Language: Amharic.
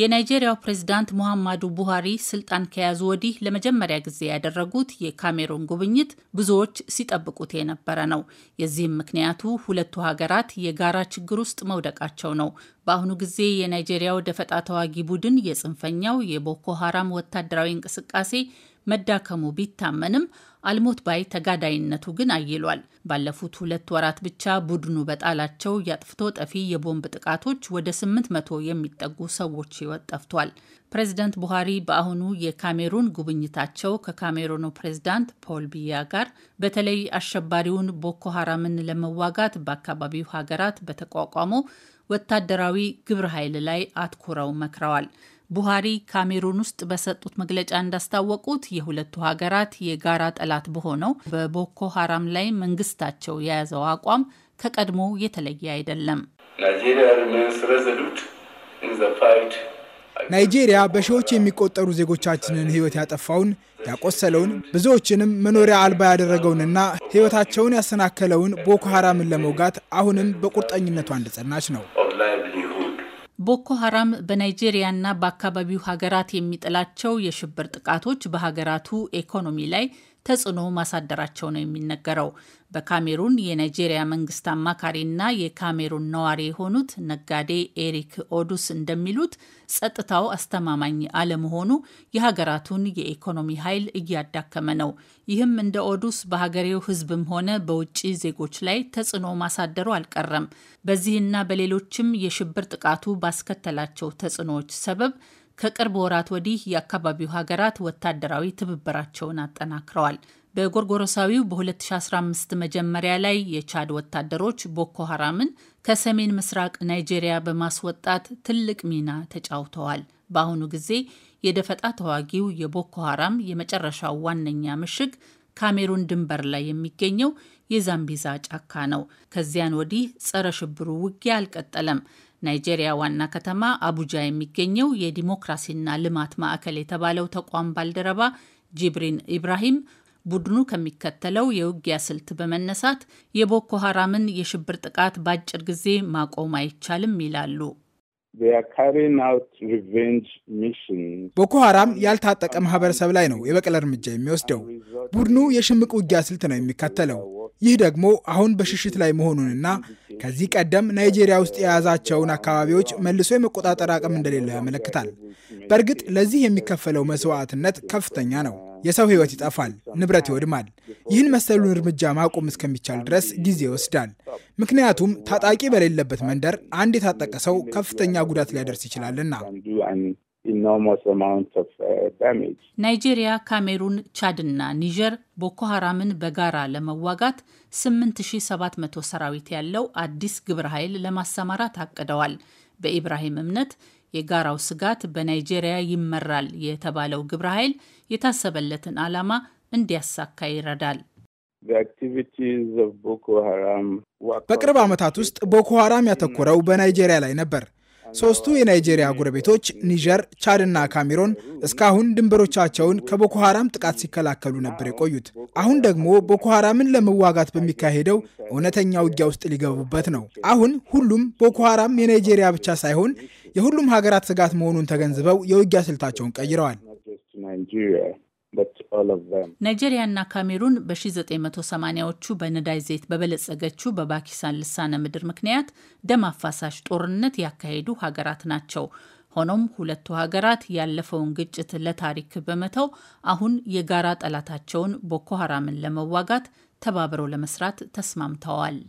የናይጄሪያው ፕሬዝዳንት ሙሐማዱ ቡሃሪ ስልጣን ከያዙ ወዲህ ለመጀመሪያ ጊዜ ያደረጉት የካሜሩን ጉብኝት ብዙዎች ሲጠብቁት የነበረ ነው። የዚህም ምክንያቱ ሁለቱ ሀገራት የጋራ ችግር ውስጥ መውደቃቸው ነው። በአሁኑ ጊዜ የናይጄሪያው ደፈጣ ተዋጊ ቡድን የጽንፈኛው የቦኮ ሀራም ወታደራዊ እንቅስቃሴ መዳከሙ ቢታመንም አልሞት ባይ ተጋዳይነቱ ግን አይሏል። ባለፉት ሁለት ወራት ብቻ ቡድኑ በጣላቸው የአጥፍቶ ጠፊ የቦምብ ጥቃቶች ወደ 800 የሚጠጉ ሰዎች ሕይወት ጠፍቷል። ፕሬዚደንት ቡሃሪ በአሁኑ የካሜሩን ጉብኝታቸው ከካሜሩኑ ፕሬዚዳንት ፖል ቢያ ጋር በተለይ አሸባሪውን ቦኮ ሀራምን ለመዋጋት በአካባቢው ሀገራት በተቋቋመው ወታደራዊ ግብረ ኃይል ላይ አትኩረው መክረዋል። ቡሃሪ ካሜሩን ውስጥ በሰጡት መግለጫ እንዳስታወቁት የሁለቱ ሀገራት የጋራ ጠላት በሆነው በቦኮ ሀራም ላይ መንግስታቸው የያዘው አቋም ከቀድሞ የተለየ አይደለም። ናይጄሪያ በሺዎች የሚቆጠሩ ዜጎቻችንን ህይወት ያጠፋውን ያቆሰለውን ብዙዎችንም መኖሪያ አልባ ያደረገውንና ህይወታቸውን ያሰናከለውን ቦኮ ሀራምን ለመውጋት አሁንም በቁርጠኝነቷ እንደጸናች ነው። ቦኮ ሀራም በናይጄሪያና በአካባቢው ሀገራት የሚጥላቸው የሽብር ጥቃቶች በሀገራቱ ኢኮኖሚ ላይ ተጽዕኖ ማሳደራቸው ነው የሚነገረው። በካሜሩን የናይጄሪያ መንግስት አማካሪና የካሜሩን ነዋሪ የሆኑት ነጋዴ ኤሪክ ኦዱስ እንደሚሉት ጸጥታው አስተማማኝ አለመሆኑ የሀገራቱን የኢኮኖሚ ኃይል እያዳከመ ነው። ይህም እንደ ኦዱስ በሀገሬው ሕዝብም ሆነ በውጭ ዜጎች ላይ ተጽዕኖ ማሳደሩ አልቀረም። በዚህና በሌሎችም የሽብር ጥቃቱ ባስከተላቸው ተጽዕኖዎች ሰበብ ከቅርብ ወራት ወዲህ የአካባቢው ሀገራት ወታደራዊ ትብብራቸውን አጠናክረዋል። በጎርጎሮሳዊው በ2015 መጀመሪያ ላይ የቻድ ወታደሮች ቦኮ ሀራምን ከሰሜን ምስራቅ ናይጄሪያ በማስወጣት ትልቅ ሚና ተጫውተዋል። በአሁኑ ጊዜ የደፈጣ ተዋጊው የቦኮ ሀራም የመጨረሻው ዋነኛ ምሽግ ካሜሩን ድንበር ላይ የሚገኘው የዛምቢዛ ጫካ ነው። ከዚያን ወዲህ ጸረ ሽብሩ ውጊያ አልቀጠለም። ናይጄሪያ ዋና ከተማ አቡጃ የሚገኘው የዲሞክራሲና ልማት ማዕከል የተባለው ተቋም ባልደረባ ጅብሪን ኢብራሂም ቡድኑ ከሚከተለው የውጊያ ስልት በመነሳት የቦኮ ሀራምን የሽብር ጥቃት በአጭር ጊዜ ማቆም አይቻልም ይላሉ። ቦኮ ሀራም ያልታጠቀ ማህበረሰብ ላይ ነው የበቀል እርምጃ የሚወስደው። ቡድኑ የሽምቅ ውጊያ ስልት ነው የሚከተለው። ይህ ደግሞ አሁን በሽሽት ላይ መሆኑንና ከዚህ ቀደም ናይጄሪያ ውስጥ የያዛቸውን አካባቢዎች መልሶ የመቆጣጠር አቅም እንደሌለው ያመለክታል። በእርግጥ ለዚህ የሚከፈለው መስዋዕትነት ከፍተኛ ነው። የሰው ሕይወት ይጠፋል፣ ንብረት ይወድማል። ይህን መሰሉን እርምጃ ማቆም እስከሚቻል ድረስ ጊዜ ይወስዳል። ምክንያቱም ታጣቂ በሌለበት መንደር አንድ የታጠቀ ሰው ከፍተኛ ጉዳት ሊያደርስ ይችላልና። enormous uh, ናይጄሪያ፣ ካሜሩን፣ ቻድና ኒጀር ቦኮ ሀራምን በጋራ ለመዋጋት 8700 ሰራዊት ያለው አዲስ ግብረ ኃይል ለማሰማራት አቅደዋል። በኢብራሂም እምነት የጋራው ስጋት በናይጄሪያ ይመራል የተባለው ግብረ ኃይል የታሰበለትን ዓላማ እንዲያሳካ ይረዳል። በቅርብ ዓመታት ውስጥ ቦኮ ሀራም ያተኮረው በናይጄሪያ ላይ ነበር። ሶስቱ የናይጄሪያ ጎረቤቶች ኒጀር፣ ቻድና ካሜሮን እስካሁን ድንበሮቻቸውን ከቦኮ ጥቃት ሲከላከሉ ነበር የቆዩት። አሁን ደግሞ ቦኮ ለመዋጋት በሚካሄደው እውነተኛ ውጊያ ውስጥ ሊገቡበት ነው። አሁን ሁሉም ቦኮ ሐራም የናይጄሪያ ብቻ ሳይሆን የሁሉም ሀገራት ስጋት መሆኑን ተገንዝበው የውጊያ ስልታቸውን ቀይረዋል። ናይጄሪያና ካሜሩን በ1980ዎቹ በነዳጅ ዘይት በበለጸገችው በባኪሳን ልሳነ ምድር ምክንያት ደም አፋሳሽ ጦርነት ያካሄዱ ሀገራት ናቸው። ሆኖም ሁለቱ ሀገራት ያለፈውን ግጭት ለታሪክ በመተው አሁን የጋራ ጠላታቸውን ቦኮ ሀራምን ለመዋጋት ተባብረው ለመስራት ተስማምተዋል።